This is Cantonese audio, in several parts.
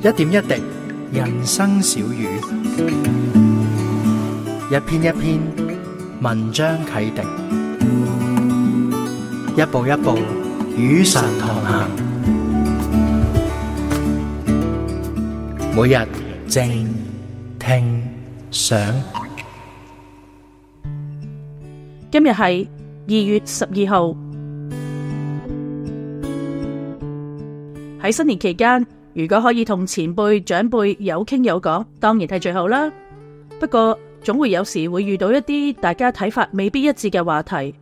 一點一滴，人生小語；一篇一篇，文章啟迪；一步一步，與上同行。每日靜聽想，今日係二月十二號。喺新年期間。如果可以同前輩、長輩有傾有講，當然係最好啦。不過總會有時會遇到一啲大家睇法，未必一致嘅話題，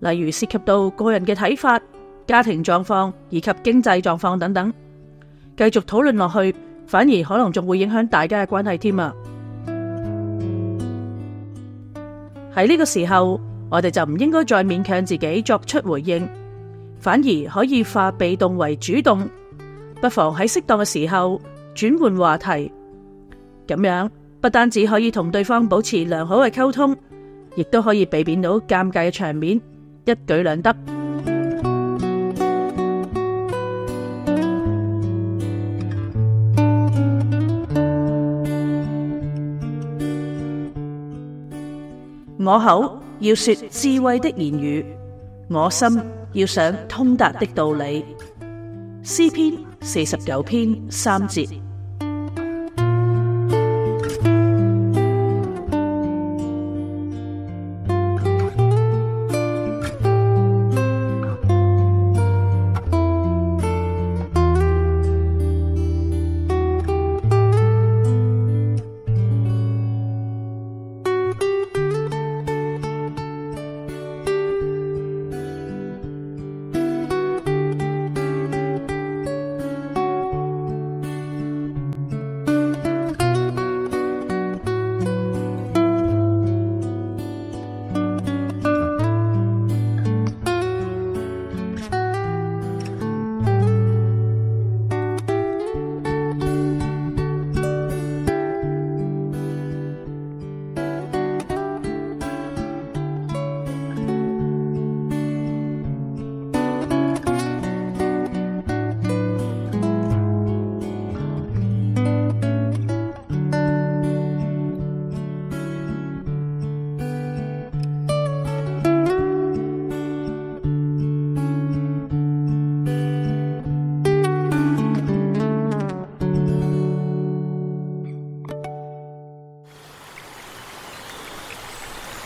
例如涉及到個人嘅睇法、家庭狀況以及經濟狀況等等。繼續討論落去，反而可能仲會影響大家嘅關係添啊！喺呢個時候，我哋就唔應該再勉強自己作出回應，反而可以化被動為主動。不妨喺適當嘅時候轉換話題，咁樣不單止可以同對方保持良好嘅溝通，亦都可以避免到尷尬嘅場面，一舉兩得。 我口要說智慧的言語，我心要想通達的道理，詩篇。四十九篇三節。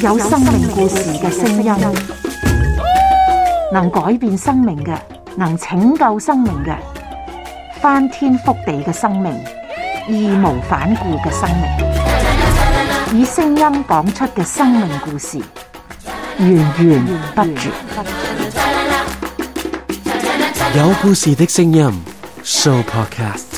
有生命故事嘅聲音，能改變生命嘅，能拯救生命嘅，翻天覆地嘅生命，義無反顧嘅生命，以聲音講出嘅生命故事，源源不絕。有故事嘅聲音，Sooo Podcast。